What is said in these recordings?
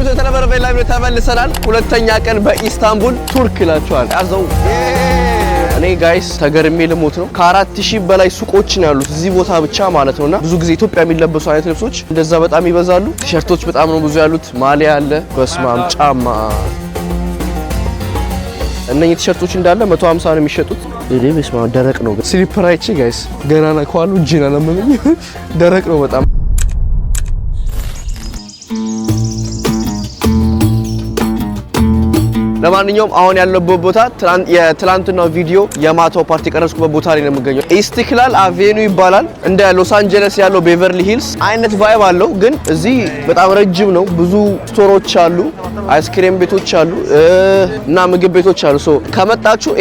ቤቶ የተነበረ ቬላ ቤት ተመልሰናል። ሁለተኛ ቀን በኢስታንቡል ቱርክ ይላቸዋል። ያዘው እኔ ጋይስ ተገርሜ ልሞት ነው። ከአራት ሺህ በላይ ሱቆች ነው ያሉት እዚህ ቦታ ብቻ ማለት ነውና ብዙ ጊዜ ኢትዮጵያ የሚለበሱ አይነት ልብሶች እንደዛ በጣም ይበዛሉ። ቲሸርቶች በጣም ነው ብዙ ያሉት። ማሊያ አለ። በስማም ጫማ እነኚህ ቲሸርቶች እንዳለ 150 ነው የሚሸጡት። እኔ በስማም ደረቅ ነው። ስሊፐር አይቼ ጋይስ ገና ነው ከኋሉ እጄን አላመመኝም። ደረቅ ነው በጣም ለማንኛውም አሁን ያለበት ቦታ የትላንትናው ቪዲዮ የማታው ፓርቲ ቀረስኩበት ቦታ ላይ ነው የምገኘው። ኢስትክላል አቬኑ ይባላል። እንደ ሎስ አንጀለስ ያለው ቤቨርሊ ሂልስ አይነት ቫይብ አለው፣ ግን እዚህ በጣም ረጅም ነው። ብዙ ስቶሮች አሉ፣ አይስክሬም ቤቶች አሉ እና ምግብ ቤቶች አሉ። ከመጣችሁ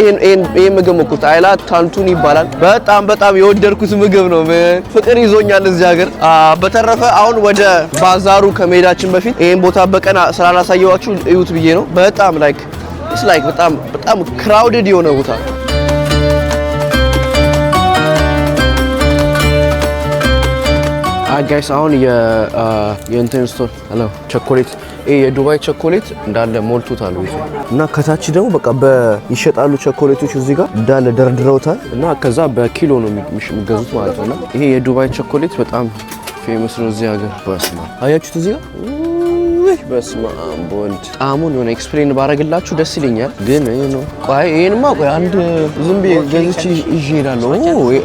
ይህ ምግብ ሞክሩት። አይላ ታንቱን ይባላል። በጣም በጣም የወደድኩት ምግብ ነው። ፍቅር ይዞኛል እዚህ ሀገር። በተረፈ አሁን ወደ ባዛሩ ከመሄዳችን በፊት ይህን ቦታ በቀን ስላላሳየዋችሁ እዩት ብዬ ነው። በጣም ላይክ ኢትስ ላይክ በጣም በጣም ክራውድድ የሆነ ቦታ ነው። ጋይስ አሁን የእንትን ስቶር ሄሎ ቸኮሌት ይሄ የዱባይ ቸኮሌት እንዳለ ሞልቶታል እና ከታች ደግሞ በቃ ይሸጣሉ ቸኮሌቶች እዚህ ጋር እንዳለ ደርድረውታል እና ከዛ በኪሎ ነው የሚገዙት ማለት ነው። ይሄ የዱባይ ቸኮሌት በጣም ፌመስ ነው እዚህ ሀገር። በስማ አያችሁት እዚህ ጋር በስመ አብ በወልድ ጣዕሙን የሆነ ኤክስፕሌን ባረግላችሁ ደስ ይለኛል፣ ግን ይሄ ነው ቆይ ይሄንማ ቆይ አንድ ዝም ብዬ ገዝቼ ይዤ እሄዳለሁ።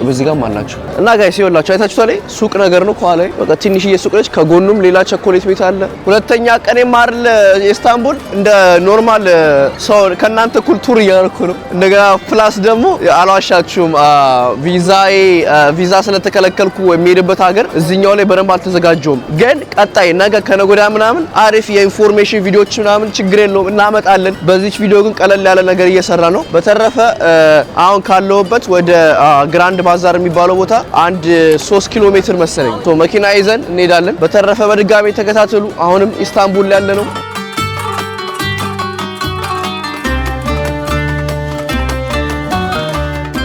በዚህ ጋርም አላቸው እና ጋይስ ይኸውላችሁ አይታችሁታል። ሱቅ ነገር ነው። ከኋላ በቃ ትንሽዬ ሱቅ ነች። ከጎኑም ሌላ ቸኮሌት ቤት አለ። ሁለተኛ ቀኔ ማርል ኢስታንቡል እንደ ኖርማል ሰው ከእናንተ ኩልቱር ቱር እያደረኩ ነው። እንደገና ፕላስ ደግሞ አልዋሻችሁም ቪዛዬ ቪዛ ስለተከለከልኩ የሚሄድበት ሀገር እዚኛው ላይ በደንብ አልተዘጋጀውም። ግን ቀጣይ ነገ ከነጎዳ ምናምን አሪ አሪፍ የኢንፎርሜሽን ቪዲዮዎች ምናምን ችግር የለውም እናመጣለን። በዚች ቪዲዮ ግን ቀለል ያለ ነገር እየሰራ ነው። በተረፈ አሁን ካለሁበት ወደ ግራንድ ባዛር የሚባለው ቦታ አንድ ሶስት ኪሎ ሜትር መሰለኝ መኪና ይዘን እንሄዳለን። በተረፈ በድጋሚ ተከታተሉ። አሁንም ኢስታንቡል ያለ ነው።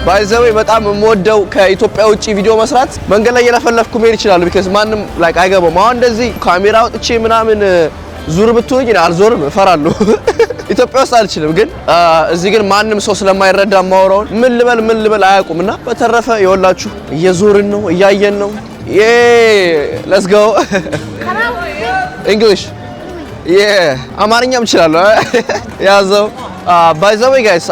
ባይዘዌ በጣም የምወደው ከኢትዮጵያ ውጭ ቪዲዮ መስራት መንገድ ላይ እየለፈለፍኩ መሄድ ይችላሉ። ቢካዝ ማንም ላይክ አይገባም። አሁን እንደዚህ ካሜራ አውጥቼ ምናምን ዙር ብትሆኝ አልዞርም፣ እፈራለሁ። ኢትዮጵያ ውስጥ አልችልም፣ ግን እዚህ ግን ማንም ሰው ስለማይረዳ ማወራውን ምን ልበል ምን ልበል አያውቁም። እና በተረፈ የወላችሁ እየዞርን ነው፣ እያየን ነው። ዬ ሌትስ ጎ እንግሊሽ አማርኛም እችላለሁ ያዘው ባይዘወይ ጋይስ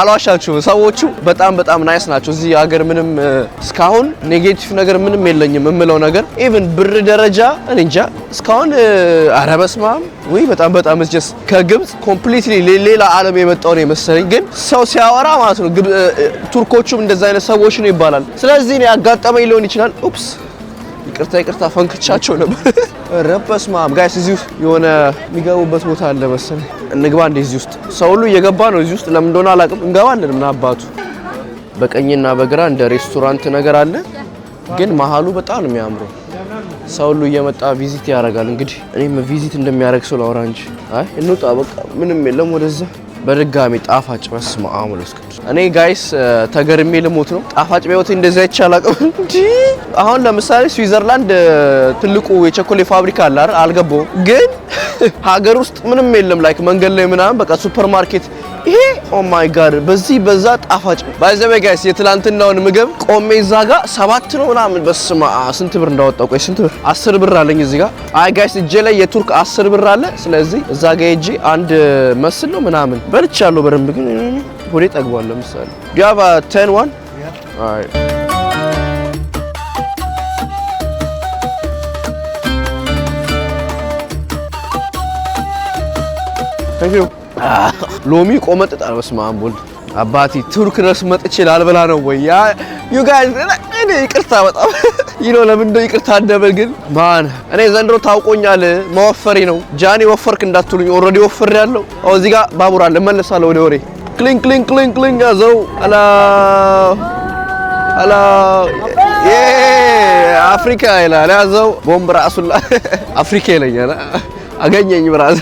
አልዋሻችሁም፣ ሰዎቹ በጣም በጣም ናይስ ናቸው። እዚህ ሀገር ምንም uh, እስካሁን ኔጌቲቭ ነገር ምንም የለኝም የምለው ነገር ኢቭን ብር ደረጃ እንጃ እስካሁን uh, ኧረ በስመ አብ ወይ በጣም በጣም እስጀስ ከግብፅ ኮምፕሊትሊ ሌላ ዓለም የመጣው ነው የመሰለኝ። ግን ሰው ሲያወራ ማለት ነው uh, ቱርኮቹም እንደዛ አይነት ሰዎች ነው ይባላል። ስለዚህ ያጋጠመኝ ሊሆን ይችላል ኡፕስ ይቅርታ ይቅርታ ፈንክቻቸው ነበር። ኧረ በስመ ጋይስ፣ እዚህ ውስጥ የሆነ የሚገቡበት ቦታ አለ መሰለኝ። እንግባ እንዴ! እዚህ ውስጥ ሰው ሁሉ እየገባ ነው። እዚህ ውስጥ ለምን እንደሆነ አላውቅም። እንገባለን ምን አባቱ። በቀኝና በግራ እንደ ሬስቶራንት ነገር አለ፣ ግን መሀሉ በጣም ነው የሚያምረው። ሰው ሁሉ እየመጣ ቪዚት ያደርጋል። እንግዲህ እኔም ቪዚት እንደሚያደርግ ሰው ላውራ እንጂ አይ እንውጣ በቃ ምንም የለም ወደዛ በድጋሚ ጣፋጭ መስመ አሙሎስ ቅዱስ እኔ ጋይስ ተገርሜ ልሞት ነው። ጣፋጭ በህይወቴ እንደዚህ አይቻል አቅም አሁን ለምሳሌ ስዊዘርላንድ ትልቁ የቸኮሌት ፋብሪካ አለ አይደል? አልገባሁም ግን ሀገር ውስጥ ምንም የለም ላይክ መንገድ ላይ ምናምን በቃ ሱፐር ማርኬት ይሄ ኦ ማይ ጋድ በዚህ በዛ ጣፋጭ ባይዘበ ጋይስ የትላንትናውን ምግብ ቆሜ እዛ ጋ ሰባት ነው ምናምን በስማ ስንት ብር እንዳወጣ ቆይ ስንት ብር አስር ብር አለኝ እዚህ ጋ አይ ጋይስ እጄ ላይ የቱርክ አስር ብር አለ ስለዚህ እዛ ጋ ሄጄ አንድ መስል ነው ምናምን በልቻለሁ በደንብ ግን ሆዴ ጠግቧል ለምሳሌ ዲያባ ቴን ዋን አይ Thank you. ሎሚ ቆመጥ ጣል። በስመ አብ ወልድ አባቲ ቱርክ ድረስ መጥቼ ላልበላ ነው ወይ? ያ ዩ ጋይስ እኔ ይቅርታ በጣም ይህ ለምን እንደው ይቅርታ እንደበል ግን ማን እኔ ዘንድሮ ታውቆኛል፣ መወፈሬ ነው። ጃኒ ወፈርክ እንዳትሉኝ፣ ኦልሬዲ ወፈር ያለው አሁን እዚህ ጋር ባቡር አለ። እመለሳለሁ ወደ ወሬ ክሊንግ ክሊንግ ክሊንግ ክሊንግ ያዘው አላ አላ አፍሪካ ይላል ያዘው ቦምብ ራሱላ አፍሪካ ይለኛል። አገኘኝ ብራዝ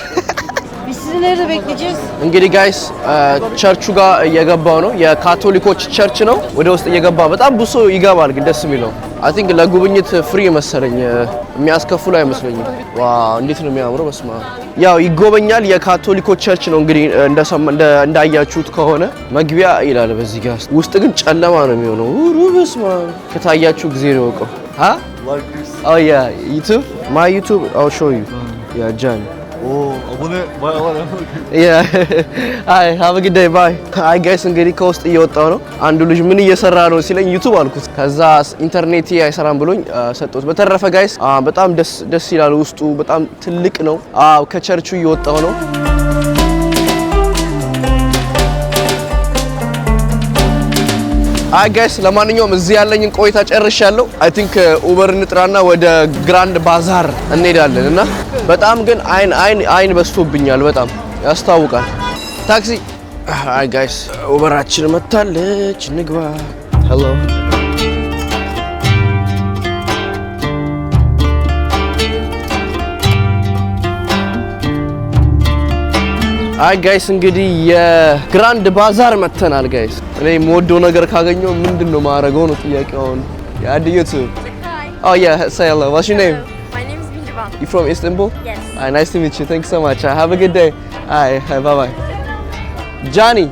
Partileri de bekleyeceğiz. እንግዲህ ጋይስ uh, ቸርቹ ጋር እየገባው ነው። የካቶሊኮች ቸርች ነው። ወደ ውስጥ እየገባ በጣም ብሶ ይገባል። ግን ደስ የሚለው አይ ቲንክ ለጉብኝት ፍሪ መሰለኝ uh, የሚያስከፍሉ አይመስለኝም። ዋ እንዴት ነው የሚያምረው! በስማ ያው ይጎበኛል። የካቶሊኮች ቸርች ነው እንግዲህ uh, እንዳያችሁት ከሆነ መግቢያ ይላል በዚህ ጋር ውስጥ ግን ጨለማ ነው የሚሆነው። ሩ ሩብስማ ከታያችሁ ጊዜ ነው ወቀው ያ ዩቱብ ማይ ዩቱብ አው ሾው ዩ ያ ጃን ቡና አይ ሀብ ግዳይ ባይ አይ ጋይስ እንግዲህ ከውስጥ እየወጣው ነው። አንዱ ልጅ ምን እየሰራ ነው ሲለኝ ዩቱብ አልኩት። ከዛ ኢንተርኔት አይሰራም ብሎኝ ሰጠሁት። በተረፈ ጋይስ በጣም ደስ ይላል። ውስጡ በጣም ትልቅ ነው። ከቸርቹ እየወጣው ነው። አይ ጋይስ ለማንኛውም እዚህ ያለኝን ቆይታ ጨርሻለሁ። አይ ቲንክ ኡበር እንጥራና ወደ ግራንድ ባዛር እንሄዳለን እና በጣም ግን አይን አይን አይን በስቶብኛል። በጣም ያስታውቃል። ታክሲ አይ ጋይስ ኡበራችን መታለች፣ ንግባ። ሄሎ አይ ጋይስ እንግዲህ የግራንድ ባዛር መተናል ጋይስ። እኔ የምወደው ነገር ካገኘው ምንድን ነው ማረገው ነው ጥያቄው። አሁን ኦ ያ ዋሽ ኔም Istanbul. You from Istanbul? Yes. Alright, nice to meet you. Thanks so much. Uh, have a good day. Hi, Alright, bye bye. Johnny.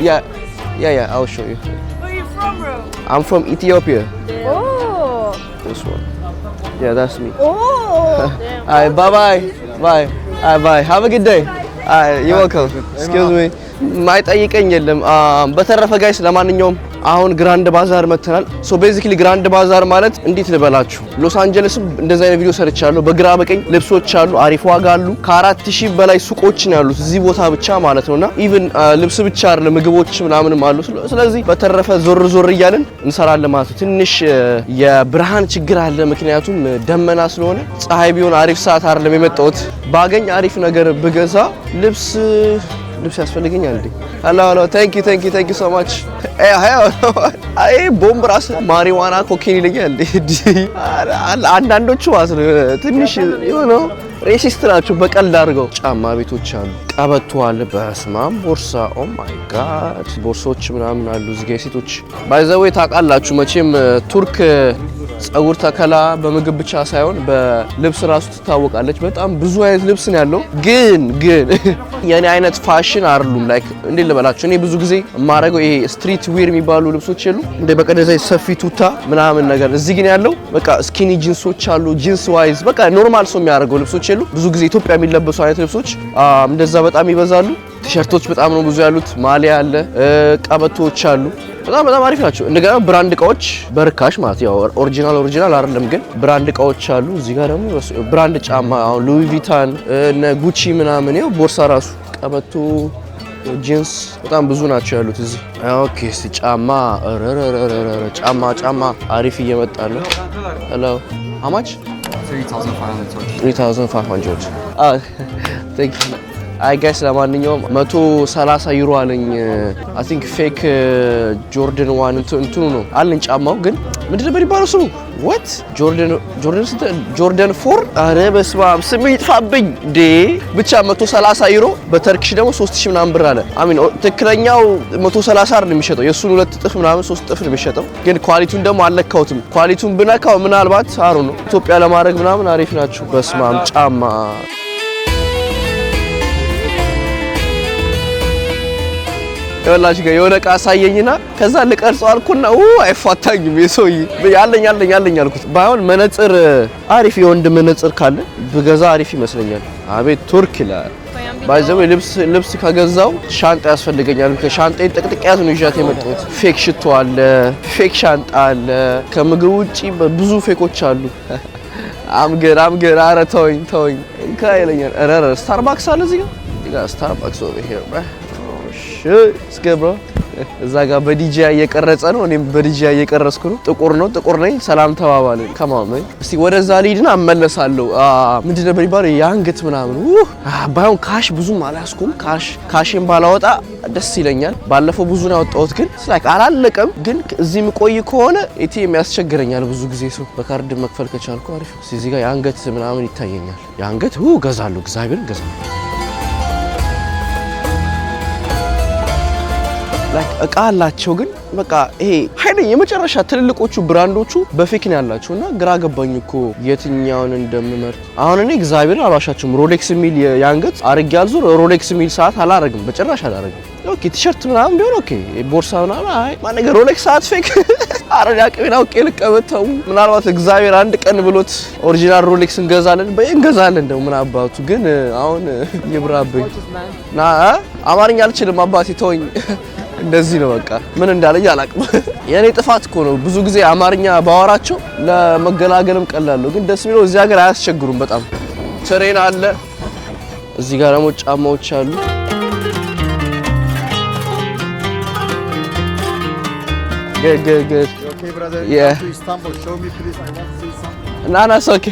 Yeah, yeah, yeah. I'll show you. Where are you from, bro? I'm from Ethiopia. Oh. This one. Yeah, that's me. Oh. Alright, bye bye. Bye. Alright, bye. Have a good day. Alright, you're welcome. Excuse me. ማይጠይቀኝ የለም በተረፈ ጋይስ ለማንኛውም አሁን ግራንድ ባዛር መተናል። ሶ ቤዚክሊ ግራንድ ባዛር ማለት እንዴት ልበላችሁ፣ ሎስ አንጀለስም እንደዚህ አይነት ቪዲዮ ሰርቻለሁ። በግራ በቀኝ ልብሶች አሉ፣ አሪፍ ዋጋ አሉ። ከአራት ሺህ በላይ ሱቆች ነው ያሉት እዚህ ቦታ ብቻ ማለት ነውና ኢቭን uh, ልብስ ብቻ አይደለ ምግቦች ምናምንም አሉ። ስለዚህ በተረፈ ዞር ዞር እያልን እንሰራለን ማለት ነው። ትንሽ uh, የብርሃን ችግር አለ፣ ምክንያቱም ደመና ስለሆነ ፀሐይ ቢሆን አሪፍ ሰዓት አይደለም የመጣሁት። ባገኝ አሪፍ ነገር ብገዛ ልብስ ልብስ ያስፈልገኛል እንዴ? አላ አላ ታንኪ ታንኪ ታንኪ ሶ ማች አይ ቦምብ ራስ ማሪዋና ኮኬን ይለኛል አንዳንዶቹ ማለት ትንሽ የሆነ ሬሲስት ናቸው በቀልድ አድርገው። ጫማ ቤቶች አሉ፣ ቀበቶ አለ። በስማም ቦርሳ፣ ኦ ማይ ጋድ ቦርሶች ምናምን አሉ እዚህ ጋር ሴቶች ባይ ዘ ወይ ታውቃላችሁ መቼም ቱርክ ጸጉር ተከላ በምግብ ብቻ ሳይሆን በልብስ ራሱ ትታወቃለች። በጣም ብዙ አይነት ልብስ ነው ያለው። ግን ግን የኔ አይነት ፋሽን አይደሉም። ላይክ እንዴ ልበላችሁ፣ እኔ ብዙ ጊዜ የማረገው ይሄ ስትሪት ዌር የሚባሉ ልብሶች የሉ እንደ በቀደም ሰፊ ቱታ ምናምን ነገር። እዚህ ግን ያለው በቃ ስኪኒ ጂንሶች አሉ። ጂንስ ዋይዝ በቃ ኖርማል ሰው የሚያደርገው ልብሶች የሉ ብዙ ጊዜ ኢትዮጵያ የሚለበሱ አይነት ልብሶች እንደዛ በጣም ይበዛሉ። ቲሸርቶች በጣም ነው ብዙ ያሉት። ማሊያ አለ፣ ቀበቶዎች አሉ። በጣም በጣም አሪፍ ናቸው። እንደገና ብራንድ እቃዎች በርካሽ ማለት ያው ኦሪጂናል ኦሪጂናል አይደለም ግን ብራንድ እቃዎች አሉ። እዚህ ጋር ደግሞ ብራንድ ጫማ አሁን ሉዊ ቪታን እነ ጉቺ ምናምን ያው ቦርሳ ራሱ ቀበቶ ጂንስ በጣም ብዙ ናቸው ያሉት እዚህ። ኦኬ እስቲ ጫማ ረረረረረ ጫማ ጫማ አሪፍ እየመጣ ነው። ሄሎ አማች 3500 አይ ጋይስ ለማንኛውም 130 ዩሮ አለኝ። አይ ቲንክ ፌክ uh, ጆርደን ዋን እንትኑ ነው አለኝ ጫማው ግን ምንድን ነበር የሚባለው ስሙ? ወት ጆርደን ጆርደን ፎር። አረ በስመ አብ ስም ይጥፋብኝ ዴ ብቻ 130 ዩሮ በተርክሽ ደግሞ 3000 ምናምን ብር አለ። አሚን ትክክለኛው 130 አይደል የሚሸጠው የእሱን ሁለት እጥፍ ምናምን ሶስት እጥፍ የሚሸጠው ግን ኳሊቲውን ደግሞ አልለካሁትም። ኳሊቲውን ብነካው ምናልባት አሩ ነው ኢትዮጵያ ለማድረግ ምናምን አሪፍ ናቸው። በስመ አብ ጫማ ይኸውላችሁ ጋር የሆነ እቃ አሳየኝና ከዛ ልቀርጾ አልኩና ኡ አይፋታኝም። የሰውዬ ያለኝ ያለኝ ያለኝ አልኩት። ባይሆን መነጽር አሪፍ የወንድ መነጽር ካለ ብገዛ አሪፍ ይመስለኛል። አቤት ቱርክ ይላል። ባይዘው ልብስ ልብስ ከገዛው ሻንጣ ያስፈልገኛል። ከሻንጣ ጥቅጥቅ ያዝ ነው ይዣት የመጣሁት። ፌክ ሽቶ አለ፣ ፌክ ሻንጣ አለ። ከምግብ ውጪ ብዙ ፌኮች አሉ። አምገር አምገር፣ አረ ተወኝ ተወኝ ከይለኛል። ኧረ ኧረ ስታርባክስ አለ እዚህ ጋር ስታርባክስ ኦቨር ሂር እስከ ብሮ እዛ ጋር በዲጂ እየቀረጸ ነው። እኔም በዲጂ እየቀረጽኩ ነው። ጥቁር ነው፣ ጥቁር ነኝ። ሰላም ተባባልን። ከማመ እስቲ ወደዛ ልሂድና አመለሳለሁ። ምንድን ነው የሚባለው የአንገት ምናምን ባይሆን ካሽ ብዙም አልያዝኩም። ካሽ ካሽን ባላወጣ ደስ ይለኛል። ባለፈው ብዙ ነው ያወጣሁት፣ ግን ስላክ አላለቀም። ግን እዚህ ምቆይ ከሆነ ኤቲኤም ያስቸግረኛል። ብዙ ጊዜ ሰው በካርድ መክፈል ከቻልኩ አሪፍ። እዚህ ጋር የአንገት ምናምን ይታየኛል። የአንገት ገዛለሁ፣ እግዚአብሔርን ገዛለሁ። እቃ አላቸው ግን በቃ ይሄ ሀይለ የመጨረሻ ትልልቆቹ ብራንዶቹ በፌክ ነው ያላቸው እና ግራ ገባኝ እኮ የትኛውን እንደምመርጥ። አሁን እኔ እግዚአብሔር አልዋሻችሁም ሮሌክስ የሚል የአንገት አርግ ያልዙር ሮሌክስ የሚል ሰዓት አላረግም፣ በጭራሽ አላረግም። ኦኬ ቲሸርት ምናምን ቢሆን ኦኬ፣ ቦርሳ ምናምን አይ ማን ሮሌክስ ሰዓት ፌክ አረዳ ቅቤና ውቄ ልቀበተው ምናልባት እግዚአብሔር አንድ ቀን ብሎት ኦሪጂናል ሮሌክስ እንገዛለን በይ እንገዛለን እንደው ምን አባቱ ግን አሁን ይብራብኝ። አማርኛ አልችልም አባቴ ተወኝ። እንደዚህ ነው በቃ ምን እንዳለኝ አላቅም። የእኔ ጥፋት እኮ ነው። ብዙ ጊዜ አማርኛ ባወራቸው ለመገላገልም ነው፣ ግን ደስ የሚለው እዚህ ሀገር አያስቸግሩም። በጣም ትሬን አለ። እዚህ ጋር ደግሞ ጫማዎች አሉ። ና ና ኦኬ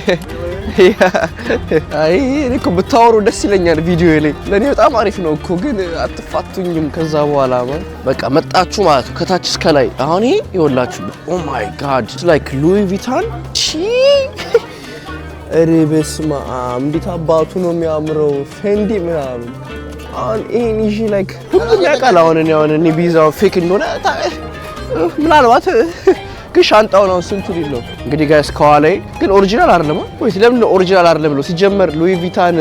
አይ እኔ እኮ ብታወሩ ደስ ይለኛል ቪዲዮ ላይ ለእኔ በጣም አሪፍ ነው እኮ ግን አትፋቱኝም። ከዛ በኋላ በቃ መጣችሁ ማለት ነው ከታች እስከ ላይ። አሁን ይሄ ይወላችሁ ኦ ማይ ጋድ ላይክ ሉዊ ቪታን ሺ ኧረ እንዴት አባቱ ነው የሚያምረው ፌንዲ ምናምን አሁን ይሄን ይዤ ላይክ ሁሉም ያውቃል። አሁን እኔ አሁን እኔ ቪዛው ፌክ እንደሆነ ምናልባት ግን ሻንጣው ነው ስንቱ ሊል ነው እንግዲህ ጋይስ። ከኋላዬ ግን ኦሪጂናል አይደለም ወይስ ለምን ኦሪጂናል አይደለም ብሎ ሲጀመር ሉዊ ቪታን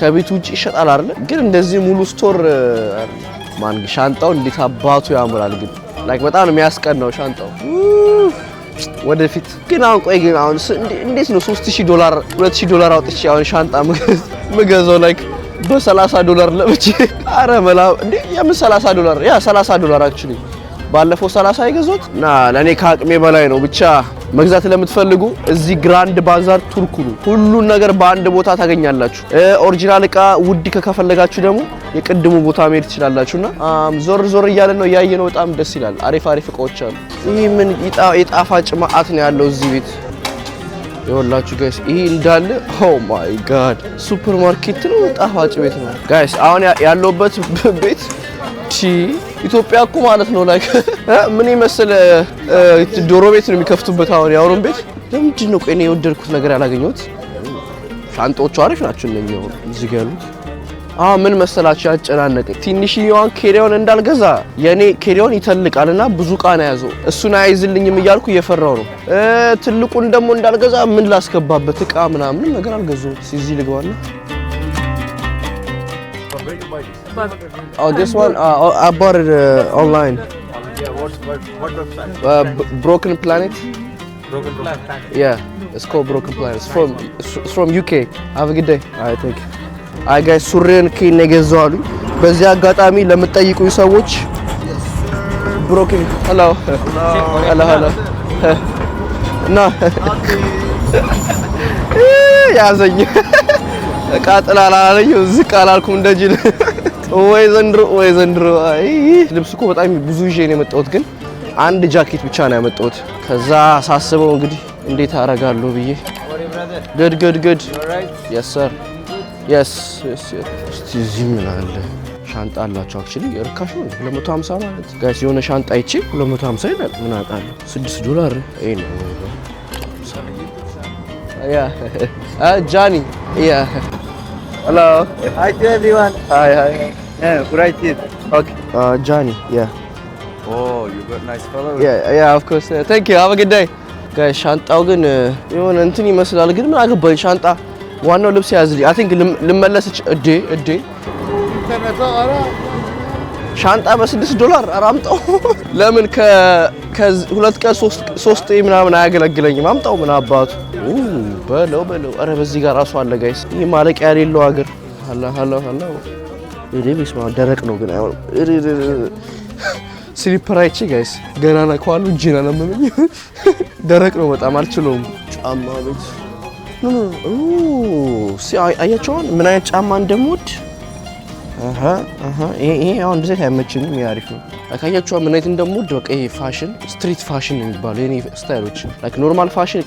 ከቤት ውጭ ይሸጣል አይደለ? ግን እንደዚህ ሙሉ ስቶር ማን ሻንጣው እንዴት አባቱ ያምራል ግን ላይክ በጣም ነው የሚያስቀናው ሻንጣው ወደፊት ግን አሁን ቆይ ግን አሁን እንዴት ነው 3000 ዶላር 2000 ዶላር አውጥቼ አሁን ሻንጣ ምገዛው ላይክ በ30 ዶላር ለብቼ አረ መላ እንዴ የምን 30 ዶላር ያ 30 ዶላር አክቹሊ ባለፈው 30 የገዙት እና ለእኔ ከአቅሜ በላይ ነው። ብቻ መግዛት ለምትፈልጉ እዚህ ግራንድ ባዛር ቱርኩሉ ሁሉን ነገር በአንድ ቦታ ታገኛላችሁ። ኦሪጂናል እቃ ውድ ከከፈለጋችሁ ደግሞ የቅድሙ ቦታ መሄድ ትችላላችሁና ዞር ዞር እያለን ነው እያየ ነው። በጣም ደስ ይላል። አሪፍ አሪፍ እቃዎች አሉ። ይህ ምን የጣፋጭ መዓት ነው ያለው እዚህ ቤት ይወላችሁ ጋይስ ይሄ እንዳለ ኦ ማይ ጋድ ሱፐር ማርኬት ነው። ጣፋጭ ቤት ነው ጋይስ። አሁን ያለውበት ቤት ቺ ኢትዮጵያ እኮ ማለት ነው ላይ ምን ይመስል ዶሮ ቤት ነው የሚከፍቱበት። አሁን የአውሮን ቤት ለምንድን ነው ቆይ እኔ የወደድኩት ነገር ያላገኘሁት? ሻንጣዎቹ አሪፍ ናቸው እነኛ እዚህ ጋር ያሉት። አዎ ምን መሰላችሁ ያጨናነቀኝ ትንሽዬዋን ኬሪያውን እንዳልገዛ የእኔ ኬሪያውን ይተልቃልና ብዙ ዕቃ ነው ያዘው። እሱን አይዝልኝም እያልኩ እየፈራው ነው። ትልቁን ደግሞ እንዳልገዛ ምን ላስገባበት እቃ ምናምንም ነገር አልገዙ እዚህ ልግባና Oh, this one? Uh, I bought it uh, online. Yeah, what, what, what website? Uh, B- Broken Planet? Broken Planet? Yeah, it's called Broken Planet. It's from, it's from UK. Have a good day. All right, I think. አይ ጋይስ ሱሬን ኬን የገዛው አሉ። በዚህ አጋጣሚ ለምትጠይቁኝ ሰዎች ብሮኪን ሄሎ ሄሎ ሄሎ እና ያዘኝ እቃ ጥላ አላለኝም ዝቅ አላልኩም እንደጅል ወይ ዘንድሮ ወይ ዘንድሮ። አይ ልብስ እኮ በጣም ብዙ ይዤ ነው የመጣሁት፣ ግን አንድ ጃኬት ብቻ ነው ያመጣሁት። ከዛ ሳስበው እንግዲህ እንዴት አደርጋለሁ ብዬ ገድ ገድ ገድ የስ ሰር የስ የስ እስቲ እዚህ ምን አለ ሻንጣ አላቸው። አክቹሊ ርካሽ ነው 250 ማለት ጋይስ፣ የሆነ ሻንጣ አይቼ 250 ይላል። ምን አውቃለሁ 6 ዶላር ይሄ ነው ያ ጃኒ ያ ሄሎ ሃይ ቱ ኤቭሪዋን ሃይ ሃይ Yeah, right here. Okay. Uh, Johnny, yeah. Oh, you got nice Yeah, yeah, of course. thank you. Have a good day. ሻንጣው ግን uh, የሆነ እንትን ይመስላል፣ ግን ምን አገባኝ ሻንጣ። ዋናው ልብስ ያዝልኝ። አይ ቲንክ ልመለስ እዴ እዴ ሻንጣ በስድስት ዶላር አራምጣው። ለምን ሁለት ቀን ሶስት ምናምን አያገለግለኝም? አምጣው ምን አባቱ በለው በለው። ኧረ በዚህ ጋር ራሱ አለ ጋይስ። ይህ ማለቂያ የሌለው ሀገር። ደረቅ ነው ግን አይሆንም። ስሊፐር አይቼ ጋይስ ገና ነከዋሉ እጄን አላመመኝ። ደረቅ ነው በጣም አልችለውም። ጫማ ቤት አያቸዋል ምን አይነት ጫማ እንደምወድ ይሄ አሁን ብዛት አይመችኝም። ይሄ ነው። ካያችሁ ምን አይነት እንደምወድ በቃ ይሄ ፋሽን ስትሪት ፋሽን ነው የሚባለው የኔ ስታይሎች ላይክ ኖርማል ፋሽን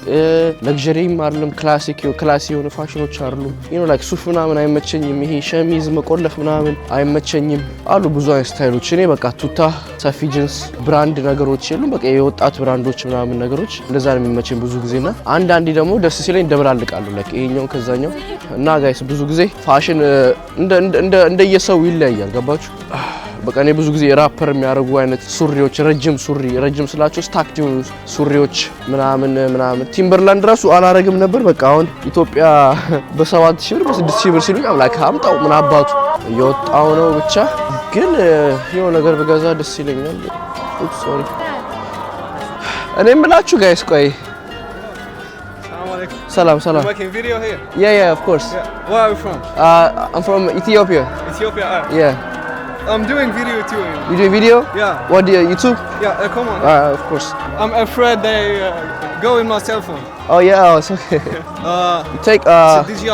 ለግዠሪም አይደለም፣ ክላሲክ ክላሲ የሆነ ፋሽኖች አሉ። ይሄ ነው ላይክ ሱፍ ምናምን አይመቸኝም። ይሄ ሸሚዝ መቆለፍ ምናምን አይመቸኝም። አሉ ብዙ አይነት ስታይሎች። እኔ በቃ ቱታ፣ ሰፊ ጅንስ፣ ብራንድ ነገሮች የሉም። በቃ የወጣት ብራንዶች ምናምን ነገሮች እንደዛ ነው የሚመቸኝ ብዙ ጊዜና አንዳንዴ ደግሞ ደስ ሲለኝ ደብላልቃለሁ ላይክ ይሄኛው ከዛኛው እና ጋይስ ብዙ ጊዜ ፋሽን እንደ እንደ እንደየሰው ይለያያል። ገባችሁ? በቃ እኔ ብዙ ጊዜ ራፐር የሚያደርጉ አይነት ሱሪዎች ረጅም ሱሪ ረጅም ስላቸው ስታክድ የሆኑ ሱሪዎች ምናምን ምናምን ቲምበርላንድ ራሱ አላረግም ነበር። በቃ አሁን ኢትዮጵያ በሰባት ሺህ ብር በስድስት ሺህ ብር ሲሉኝ አምላክ አምጣው ምን አባቱ እየወጣው ነው። ብቻ ግን የሆነ ነገር ብገዛ ደስ ይለኛል። እኔ የምላችሁ ጋይስ ቆይ Salam, salam. making video here? Yeah, yeah, of course. Yeah. Where are we from? Uh, I'm from Ethiopia. Ethiopia, Yeah. I'm doing video too. You doing video? Yeah. What, do you, YouTube? Yeah, uh, come on. Uh, of course. I'm afraid they uh, go in my cell phone. Oh, yeah, oh, it's okay. uh, you take... Uh, it's DJI.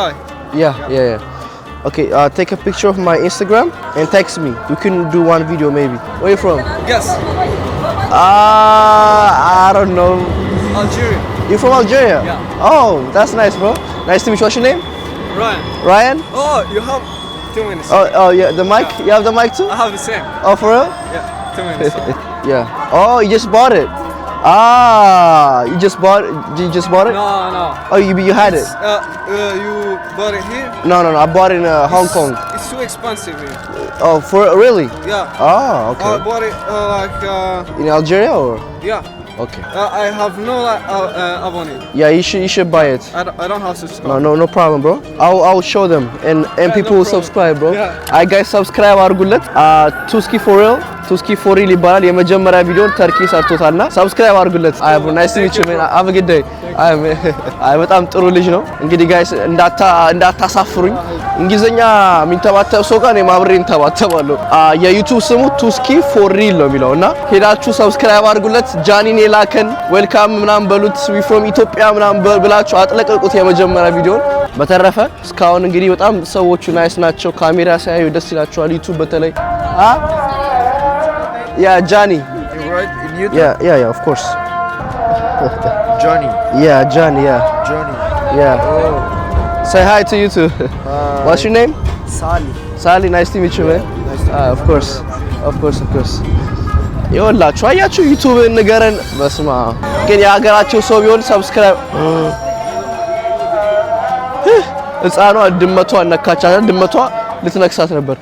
Yeah, yeah, yeah. yeah. Okay, uh, take a picture of my Instagram and text me. We can do one video maybe. Where are you from? Guess. Uh, I don't know. Algeria. You from Algeria? Yeah. Oh, that's nice, bro. Nice to meet you. What's your name? Ryan. Ryan? Oh, you have two minutes. Oh, oh yeah, the mic. Yeah. You have the mic too? I have the same. Oh, for real? Yeah, two minutes. yeah. Oh, you just bought it. Ah, you just bought you just bought it? No, no. Oh, you you had it's, it. Uh, uh, you bought it here? No, no, no. I bought it in uh, Hong it's, Kong. It's too expensive here. Oh, for really? Yeah. Oh, okay. I bought it uh, like. Uh, in Algeria or? Yeah. Okay. Uh, I have no uh, uh, abonee. Yeah, you should you should buy it. I don't, I don't have subscribe. No, no, no problem, bro. I'll I'll show them and and yeah, people no will subscribe, bro. Yeah. I guys subscribe አድርጉለት ቱስኪ ፎር ሪል ቱስኪ ፎር ሪል ይባላል። የመጀመሪያ ቪዲዮን ተርኪ ሰርቶታልና ሰብስክራይብ አድርጉለት። አይ ብሮ ናይስ ቱ ሚት ዩ ማን። ሃቭ አ ጉድ ዴይ አይ በጣም ጥሩ ልጅ ነው። እንግዲህ ጋይስ እንዳታሳፍሩኝ። እንግሊዝኛ የሚንተባተብ ሰው ጋር እኔም አብሬ እንተባተባለሁ። የዩቱብ ስሙ ቱስኪ ፎር ሪል ነው የሚለው እና ሄዳችሁ ሰብስክራይብ አድርጉለት። ጃኒን የላከን ዌልካም ምናምን በሉት ዊ ፍሮም ኢትዮጵያ ምናምን ብላችሁ አጥለቀቁት የመጀመሪያ ቪዲዮን። በተረፈ እስካሁን እንግዲህ በጣም ሰዎቹ ናይስ ናቸው። ካሜራ ሲያዩ ደስ ይላቸዋል። ዩቱብ በተለይ ያ ጃኒ ያ ያ ኦፍ ኮርስ Johnny. Yeah, Johnny. Yeah, Johnny. yeah. Oh, Say hi to you too. Hi. What's your name? Sali. Sally, nice to meet you, man. nice to of meet ah, of you. course, of course, of course. ይኸውላችሁ አያችሁ ዩቱብ ንገረን። በስማ ግን የሀገራቸው ሰው ቢሆን ሰብስክራይብ ህፃኗ ድመቷ ነካቻት። ድመቷ ልትነክሳት ነበር።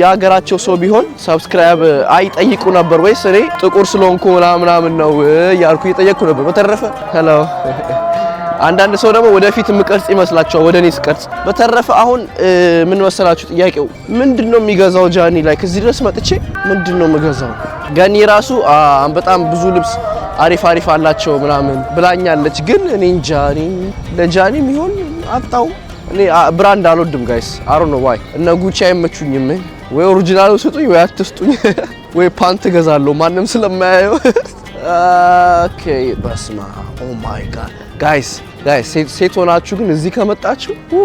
የሀገራቸው ሰው ቢሆን ሰብስክራይብ አይጠይቁ ነበር ወይስ እኔ ጥቁር ስለሆንኩ ምናምናምን ነው እያልኩ እየጠየቅኩ ነበር። በተረፈ ሄሎ። አንዳንድ ሰው ደግሞ ወደፊት የምቀርጽ ይመስላቸዋል ወደ እኔ ስቀርጽ። በተረፈ አሁን ምን መሰላችሁ ጥያቄው ምንድን ነው የሚገዛው? ጃኒ ላይ ከዚህ ድረስ መጥቼ ምንድን ነው የምገዛው? ገኒ ራሱ በጣም ብዙ ልብስ አሪፍ አሪፍ አላቸው ምናምን ብላኛለች። ግን እኔ ጃኒ ለጃኒ የሚሆን አጣው እኔ ብራንድ አልወድም ጋይስ አሮ ነው ዋይ እነ ጉቺ አይመቹኝም። ወይ ኦሪጂናሉ ስጡኝ ወይ አትስጡኝ ወይ ፓንት እገዛለሁ ማንም ስለማያየው። ኦኬ በስማ ኦ ማይ ጋድ ጋይስ ጋይስ፣ ሴት ሆናችሁ ግን እዚህ ከመጣችሁ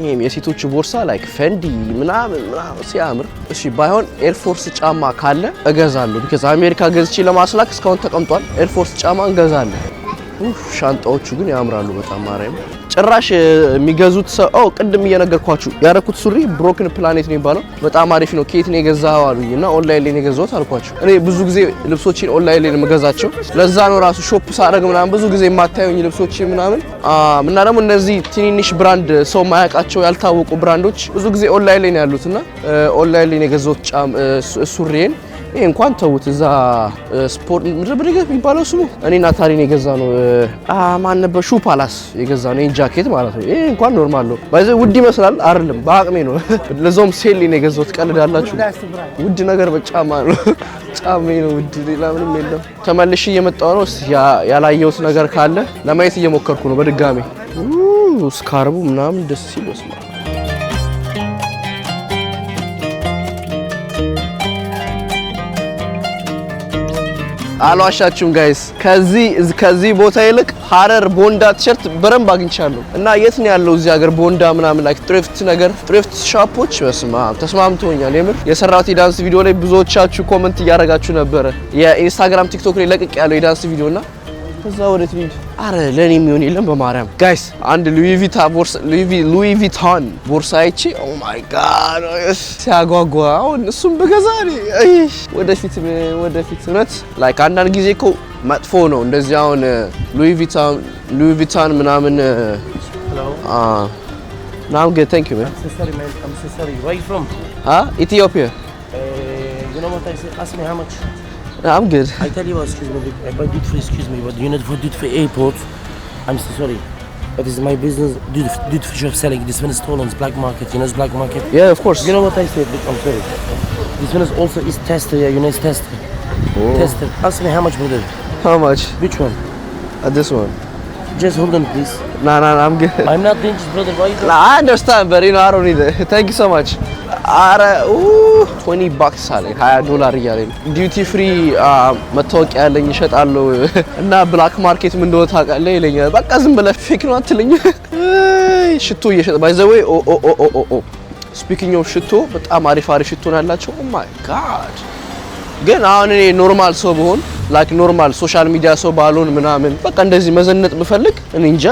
ይሄም የሴቶች ቦርሳ ላይክ ፈንዲ ምናምን ምናምን ሲያምር። እሺ ባይሆን ኤርፎርስ ጫማ ካለ እገዛለሁ። ቢካዝ አሜሪካ ገዝቼ ለማስላክ እስካሁን ተቀምጧል። ኤርፎርስ ጫማ እንገዛለን። ሻንጣዎቹ ግን ያምራሉ በጣም ማርያም። ጭራሽ የሚገዙት ሰው ኦ ቅድም እየነገርኳችሁ ያረኩት ሱሪ ብሮክን ፕላኔት ነው የሚባለው። በጣም አሪፍ ነው። ኬት ነው የገዛኸው አሉኝ እና ኦንላይን ላይ ነው የገዛሁት አልኳቸው። እኔ ብዙ ጊዜ ልብሶችን ኦንላይን ላይ ነው የምገዛቸው። ለዛ ነው ራሱ ሾፕ ሳደርግ ምናምን ብዙ ጊዜ የማታዩኝ ልብሶች ምናምን እና ደግሞ እነዚህ ትንንሽ ብራንድ ሰው ማያውቃቸው ያልታወቁ ብራንዶች ብዙ ጊዜ ኦንላይን ላይ ነው ያሉት እና ኦንላይን ላይ ነው የገዛሁት ሱሪዬን ይሄ እንኳን ተውት። እዛ ስፖርት ምድርብድግ የሚባለው ስሙ እኔ ናታሪን የገዛ ነው። ማን ነበር ሹ ፓላስ የገዛ ነው። ይሄን ጃኬት ማለት ነው። ይሄ እንኳን ኖርማል ነው። ባይዘ ውድ ይመስላል አይደለም፣ በአቅሜ ነው። ለዛውም ሴል ነው የገዛሁት። ቀልዳላችሁ። ውድ ነገር በጫማ ነው። ጫሜ ነው ውድ፣ ሌላ ምንም የለም። ተመልሼ እየመጣሁ ነው። ያላየሁት ነገር ካለ ለማየት እየሞከርኩ ነው በድጋሜ። ስካርቡ ምናምን ደስ ይል አልዋሻችሁም ጋይስ ከዚህ ቦታ ይልቅ ሀረር ቦንዳ ቲሸርት በረንብ አግኝቻለሁ። እና የት ነው ያለው እዚህ ሀገር ቦንዳ ምናምን ላይክ ጥሪፍት ነገር ጥሪፍት ሻፖች መስማ ተስማምቶኛል። የምር የሰራሁት የዳንስ ቪዲዮ ላይ ብዙዎቻችሁ ኮመንት እያደረጋችሁ ነበረ። የኢንስታግራም ቲክቶክ ላይ ለቅቅ ያለው የዳንስ ቪዲዮ እና ከዛ ወደ አረ ለኔ የሚሆን የለም። በማርያም ጋይስ አንድ ሉዊ ቪታን ቦርሳ አይቼ ኦ ማይ ጋድ ሲያጓጓ፣ አሁን እሱም በገዛ ወደፊት ወደፊት። እውነት ላይክ አንዳንድ ጊዜ እኮ መጥፎ ነው እንደዚህ አሁን ሉዊ ቪታን ምናምን ናም ግ ንክ ኢትዮጵያ I'm good. I tell you what, excuse me, but duty free, excuse me, but you need for duty free airport. I'm so sorry. But it's my business, duty, duty free shop selling. This one is stolen, it's black market. You know it's black market? Yeah, of course. You know what I said? I'm sorry. This one is also is tester, yeah, you know it's tester. Oh. Tester. Ask me how much brother? How much? Which one? Uh, this one. Just hold on, please. No, nah, no, nah, nah, I'm good. I'm not dangerous, brother. Why you nah, I understand, but you know, I don't need it. Thank you so much. አረ ትወኒ ባክስ አለኝ ሀያ ዶላር እያለኝ ዲዩቲ ፍሪ መታወቂያ ያለኝ እሸጣለሁ እና ብላክ ማርኬት ምን እንደሆነ ታውቃለህ ይለኛል። በቃ ዝም ብለህ ፌክ ነው አትልኝ። ሽቶ እየሸጠ ባይ ዘ ወይ ስፒኪንግ ኦፍ ሽቶ በጣም አሪፍ አሪፍ ሽቶን ያላቸው ኦ ማይ ጋድ። ግን አሁን እኔ ኖርማል ሰው ብሆን ላይክ ኖርማል ሶሻል ሚዲያ ሰው ባልሆን ምናምን በቃ እንደዚህ መዘነጥ ብፈልግ እኔ እንጃ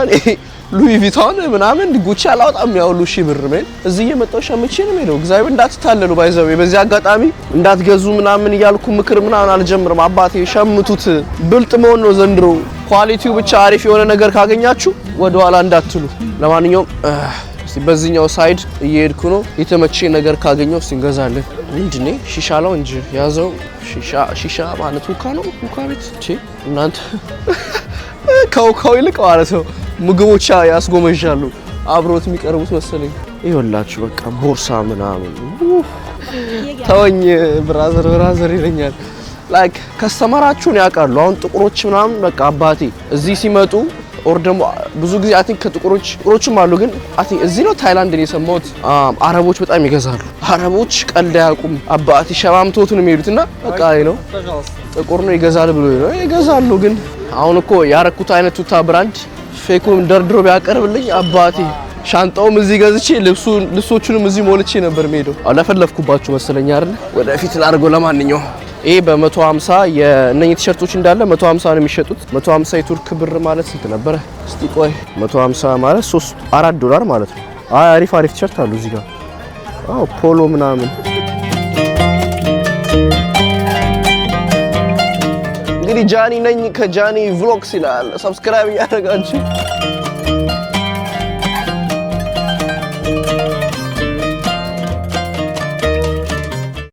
ሉዊ ቪታውን ምናምን ጉቺ አላወጣም ያው ሉሺ ብር ሜል እዚህ እየመጣሁ ሸምቼ ነው የምሄደው። እግዚአብሔር እንዳትታለሉ ባይዘው በዚህ አጋጣሚ እንዳትገዙ ምናምን እያልኩ ምክር ምናምን አልጀምርም። አባቴ ሸምቱት። ብልጥ መሆን ነው ዘንድሮ። ኳሊቲው ብቻ አሪፍ የሆነ ነገር ካገኛችሁ ወደ እንዳትሉ። ለማንኛውም በዚህኛው ሳይድ እየሄድኩ ነው። የተመቼ ነገር ካገኘው እንገዛለን። ምንድን ሺሻ ነው እንጂ ያዘው ሺሻ ሺሻ ማለት ውካ ነው። ውካ ቤት እናንተ ከውካው ይልቅ ማለት ነው ምግቦች ያስጎመዣሉ። አብሮት የሚቀርቡት መሰለኝ። ይኸውላችሁ በቃ ቦርሳ ምናምን ተወኝ ብራዘር ብራዘር ይለኛል። ላይክ ከስተመራችሁን ያውቃሉ። አሁን ጥቁሮች ምናምን በቃ አባቴ እዚህ ሲመጡ ኦር ደግሞ ብዙ ጊዜ አይ ቲንክ ከጥቁሮች ጥቁሮችም አሉ፣ ግን አይ ቲንክ እዚህ ነው ታይላንድን የሰማሁት አረቦች በጣም ይገዛሉ። አረቦች ቀልድ አያውቁም። አባቴ ሸማምቶቱን የሚሄዱትና በቃ ነው ጥቁር ነው ይገዛል ብሎ ይገዛሉ ግን አሁን እኮ ያረኩት አይነት ቱታ ብራንድ ፌኩም ደርድሮ ቢያቀርብልኝ አባቴ ሻንጣውም እዚህ ገዝቼ ልብሶቹንም እዚህ ሞልቼ ነበር የምሄደው። ለፈለፍኩባችሁ መሰለኝ አይደል? ወደፊት ላድርገው። ለማንኛውም ይሄ በመቶ 150 የእነኚህ ቲሸርቶች እንዳለ 150 ነው የሚሸጡት። 150 የቱርክ ብር ማለት ስንት ነበረ? እስቲ ቆይ 150 ማለት 3 4 ዶላር ማለት ነው። አይ አሪፍ አሪፍ ቲሸርት አሉ እዚህ ጋር። አዎ ፖሎ ምናምን जानी नहीं खजानी व्लॉग सिनाल सब्सक्राइब यार